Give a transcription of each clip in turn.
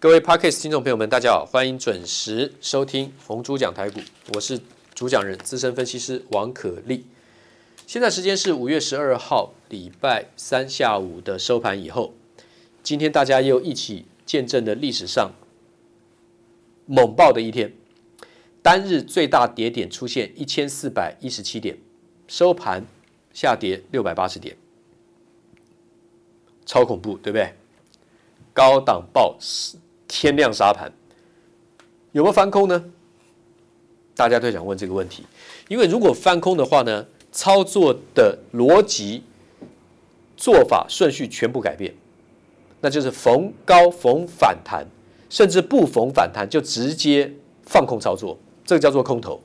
各位 Podcast 聽眾朋友們，大家好，歡迎準時收聽紅豬講台股，我是主講人資深分析師王可立。現在時間是五月十二號禮拜三下午的收盤以後，今天大家又一起見證了歷史上猛爆的一天，單日最大跌點出現一千四百一十七點，收盤下跌六百八十點，超恐怖，對不對？高檔 boss。天量殺盤有沒有翻空呢？大家都想問這個問題，因為如果翻空的話呢，操作的邏輯、做法、順序全部改變，那就是逢高逢反彈，甚至不逢反彈就直接放空操作，這個叫做空頭。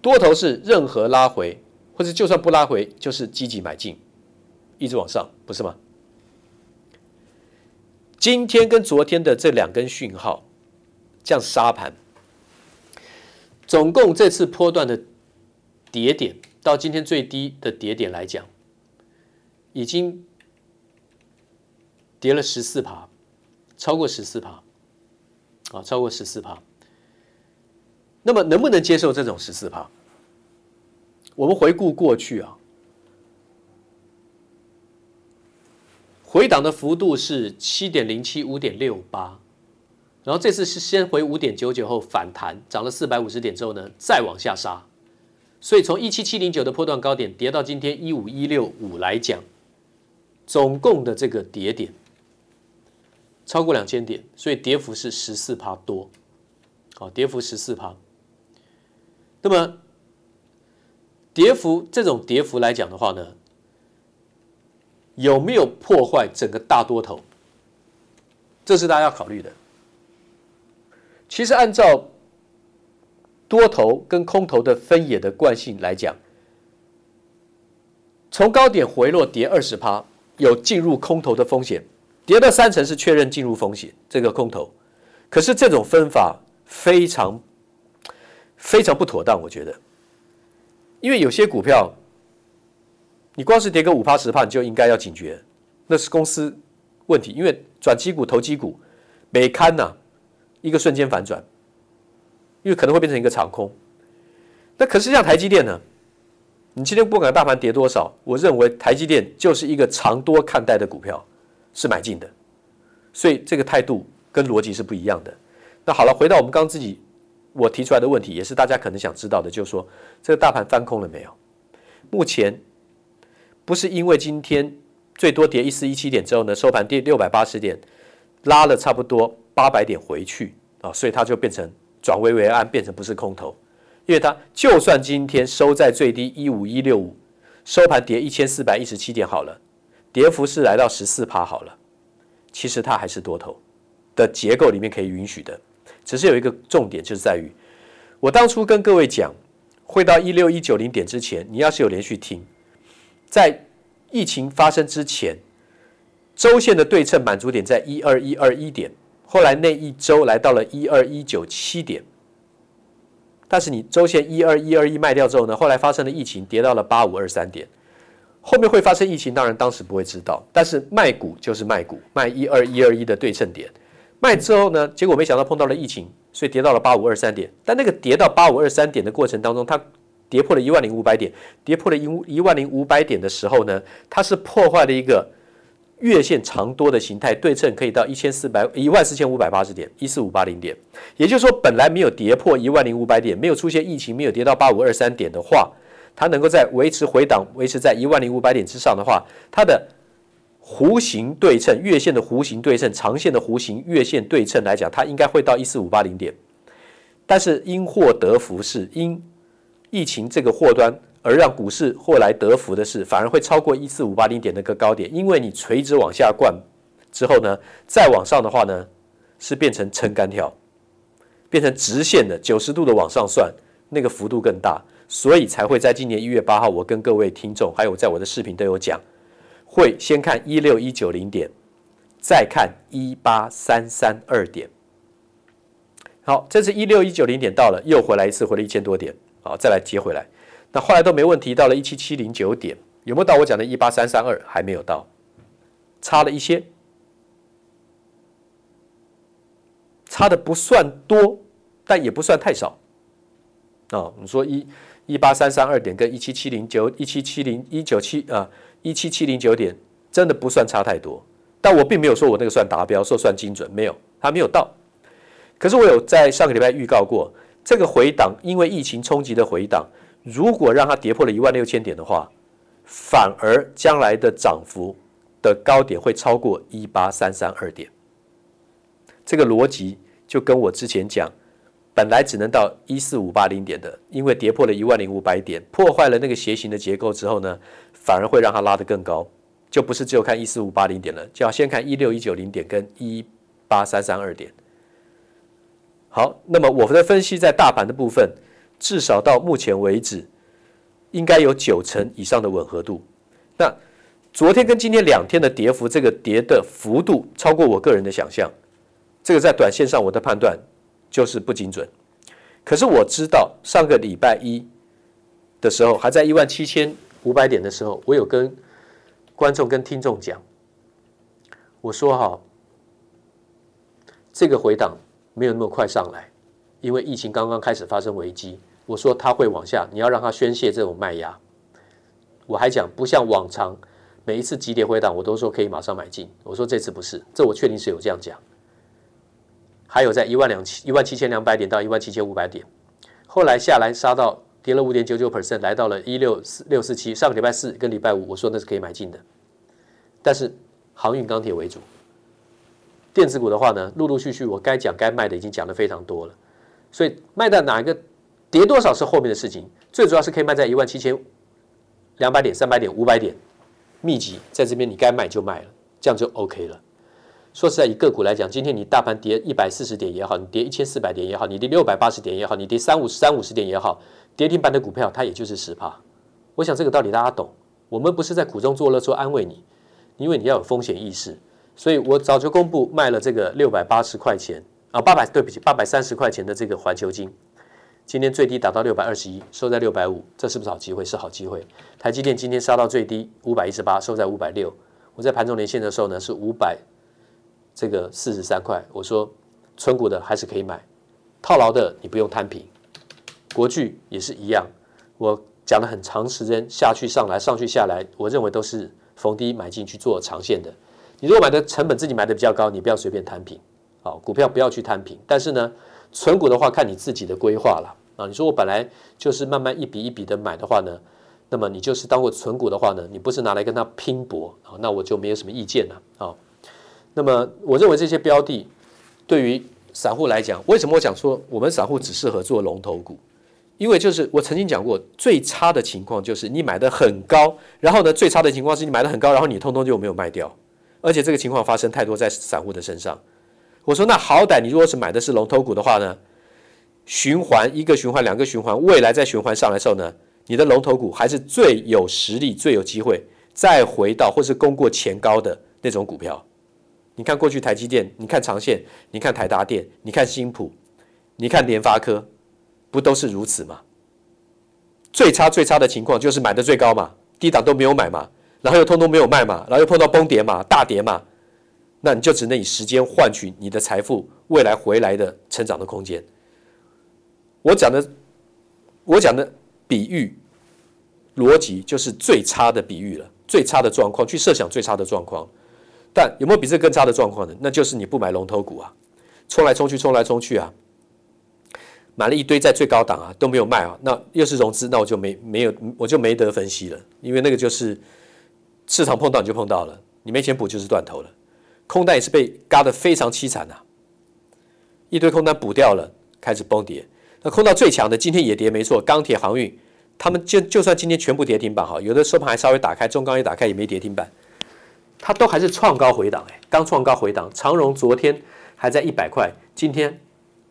多頭是任何拉回，或者就算不拉回，就是積極買進，一直往上，不是嗎？今天跟昨天的這兩根訊號，像沙盤，總共這次波段的跌點到今天最低的跌點來講，已經跌了十四趴，超過十四趴，啊，超過十四趴。那麼能不能接受這種十四趴？我們回顧過去啊。回檔的幅度是七點零七五點六八，然後這次是先回五點九九後反彈，漲了四百五十點之後呢，再往下殺，所以從一七七零九的波段高點跌到今天一五一六五來講，總共的這個跌點超過兩千點，所以跌幅是十四趴多，好，跌幅十四趴，那麼跌幅這種跌幅來講的話呢？有沒有破壞整個大多頭？這是大家要考慮的。其實按照多頭跟空頭的分野的慣性來講，從高點回落跌二十趴，有進入空頭的風險；跌到三成是確認進入風險，這個空頭。可是這種分法非常非常不妥當，我覺得，因為有些股票。你光是跌個五趴十趴，你就應該要警覺，那是公司問題。因為轉機股、投機股，每看呢、啊、一個瞬間反轉，因為可能會變成一個長空。那可是像台積電呢？你今天不管大盤跌多少，我認為台積電就是一個長多看待的股票，是買進的。所以這個態度跟邏輯是不一樣的。那好了，回到我們剛，剛自己我提出來的問題，也是大家可能想知道的，就是說這個大盤翻空了沒有？目前。不是因為今天最多跌一四一七點之後呢，收盤跌六百八十點，拉了差不多八百點回去啊，所以它就變成轉危為安，變成不是空頭，因為它就算今天收在最低一五一六五，收盤跌一千四百一十七點好了，跌幅是來到十四趴好了，其實它還是多頭的結構裡面可以允許的，只是有一個重點就是在於，我當初跟各位講，會到一六一九零點之前，你要是有連續聽。在疫情發生之前，週線的對稱滿足點在一二一二一點，後來那一周來到了一二一九七點，但是你週線一二一二一賣掉之後呢，後來發生了疫情，跌到了八五二三點。後面會發生疫情，當然當時不會知道，但是賣股就是賣股，賣一二一二一的對稱點，賣之後呢，結果沒想到碰到了疫情，所以跌到了八五二三點。但那個跌到八五二三點的過程當中，它跌破了一萬零五百點，跌破了一一萬零五百點的時候呢，它是破壞了一個月線長多的形態對稱，可以到一千四百一萬四千五百八十點一四五八零點。也就是說，本來沒有跌破一萬零五百點，沒有出現疫情，沒有跌到八五二三點的話，它能夠在維持回檔，維持在一萬零五百點之上的話，它的弧形對稱月線的弧形對稱長線的弧形月線對稱來講，它應該會到一四五八零點。但是因禍得福是因，疫情這個禍端，而讓股市禍來得福的是，反而會超過一四五八零點那個高點，因為你垂直往下灌之後呢，再往上的話呢，是變成撐桿跳，變成直線的九十度的往上算，那個幅度更大，所以才會在今年一月八號，我跟各位聽眾還有在我的視頻都有講，會先看一六一九零點，再看一八三三二點。好，這次一六一九零點到了，又回來一次，回了一千多點。好，再來接回來。那後來都沒問題，到了一七七零九點，有沒有到我講的一八三三二？還沒有到，差了一些，差的不算多，但也不算太少。哦，你說一一八三三二點跟一七七零九一七七零一九七啊一七七零九點真的不算差太多。但我並沒有說我那個算達標，說算精準，沒有，還沒有到。可是我有在上個禮拜預告過。這個回檔，因為疫情衝擊的回檔，如果讓它跌破了一萬六千點的話，反而將來的漲幅的高點會超過一八三三二點。這個邏輯就跟我之前講，本來只能到一四五八零點的，因為跌破了一萬零五百點，破壞了那個楔形的結構之後呢，反而會讓它拉得更高，就不是只有看一四五八零點了，就要先看一六一九零點跟一八三三二點。好，那麼我們的分析，在大盤的部分，至少到目前為止，應該有九成以上的吻合度。那昨天跟今天兩天的跌幅，這個跌的幅度超過我個人的想象。這個在短線上，我的判斷就是不精準。可是我知道，上個禮拜一的時候，還在一萬七千五百點的時候，我有跟觀眾跟聽眾講，我說：“哈，這個回檔。”沒有那麼快上來，因為疫情剛剛開始發生危機。我說它會往下，你要讓它宣洩這種賣壓。我還講不像往常，每一次急跌回檔，我都說可以馬上買進。我說這次不是，這我確定是有這樣講。還有在一萬兩千、一萬七千兩百點到一萬七千五百點，後來下來殺到跌了五點九九 percent，來到了一六四六四七。上個禮拜四跟禮拜五，我說那是可以買進的，但是航運鋼鐵為主。電子股的話呢，陸陸續續我該講該賣的已經講得非常多了，所以賣到哪一個跌多少是後面的事情，最主要是可以賣在一萬七千兩百點、三百點、五百點密集在這邊，你該賣就賣了，這樣就 OK 了。說實在，以個股來講，今天你大盤跌一百四十點也好，你跌一千四百點也好，你跌六百八十點也好，你跌三五三五十點也好，跌停板的股票它也就是十趴，我想這個道理大家懂。我們不是在苦中作樂說安慰你，因為你要有風險意識。所以我早就公布賣了這個六百八十塊錢啊，八百對不起，八百三十塊錢的這個環球金，今天最低達到六百二十一，收在六百五，這是不是好機會？是好機會。台積電今天殺到最低五百一十八，收在五百六。我在盤中連線的時候呢，是五百這個四十三塊。我說，存股的還是可以買，套牢的你不用攤平。國巨也是一樣，我講了很長時間，下去上來上去下來，我認為都是逢低買進去做長線的。你如果買的成本自己買的比較高，你不要隨便攤平，好、哦，股票不要去攤平。但是呢，存股的話，看你自己的規劃了啊。你說我本來就是慢慢一筆一筆的買的話呢，那麼你就是當我存股的話呢，你不是拿來跟他拼搏啊、哦，那我就沒有什麼意見了啊、哦。那麼我認為這些標的對於散戶來講，為什麼我講說我們散戶只適合做龍頭股？因為就是我曾經講過，最差的情況就是你買的很高，然後呢，最差的情況是你買的很高，然後你通通就沒有賣掉。而且這個情況發生太多在散戶的身上，我說那好歹你如果是買的是龍頭股的話呢，循環一個循環兩個循環，未來再循環上來的時候呢，你的龍頭股還是最有實力、最有機會再回到或是攻過前高的那種股票。你看過去台積電，你看長線，你看台達電，你看新普，你看聯發科，不都是如此嗎？最差最差的情況就是買的最高嘛，低檔都沒有買嘛。然後又通通沒有賣嘛，然後又碰到崩跌嘛、大跌嘛，那你就只能以時間換取你的財富未來回來的成長的空間。我講的，我講的比喻邏輯就是最差的比喻了，最差的狀況，去設想最差的狀況。但有沒有比這更差的狀況呢？那就是你不買龍頭股啊，衝來衝去，衝來衝去啊，買了一堆在最高檔啊都沒有賣啊，那又是融資，那我就沒沒有，我就沒得分析了，因為那個就是。市場碰到你就碰到了，你沒錢補就是斷頭了。空單也是被嘎得非常淒慘吶，一堆空單補掉了，開始崩跌。那空到最強的今天也跌沒，沒錯。鋼鐵航運，他們就就算今天全部跌停板哈，有的收盤還稍微打開，中鋼一打開也沒跌停板，它都還是創高回檔誒、欸，剛創高回檔。長榮昨天還在一百塊，今天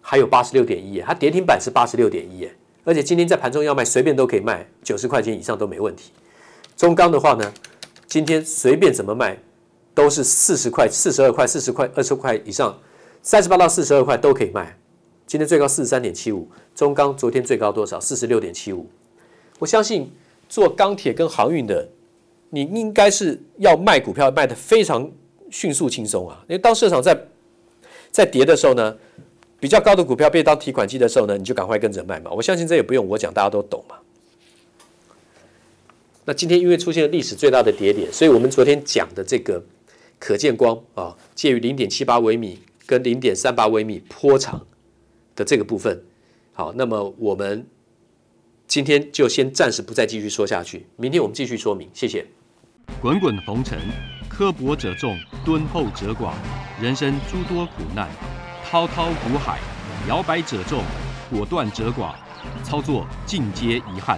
還有八十六點一，它跌停板是八十六點一哎，而且今天在盤中要賣隨便都可以賣，九十塊錢以上都沒問題。中鋼的話呢？今天隨便怎麼賣，都是四十塊、四十二塊、四十塊、二十塊以上，三十八到四十二塊都可以賣。今天最高四十三點七五，中鋼昨天最高多少？四十六點七五。我相信做鋼鐵跟航運的，你應該是要賣股票賣得非常迅速輕鬆啊。因為當市場在在跌的時候呢，比較高的股票被當提款機的時候呢，你就趕快跟着賣嘛。我相信這也不用我講，大家都懂嘛。那今天因為出現了歷史最大的跌點，點，所以我們昨天講的這個可見光啊，介於零點七八微米跟零點三八微米波長的這個部分，好，那麼我們今天就先暫時不再繼續說下去，明天我們繼續說明。謝謝。滾滾紅塵，刻薄者眾，敦厚者寡，人生諸多苦難；滔滔苦海，搖擺者眾，果斷者寡，操作盡皆遺憾。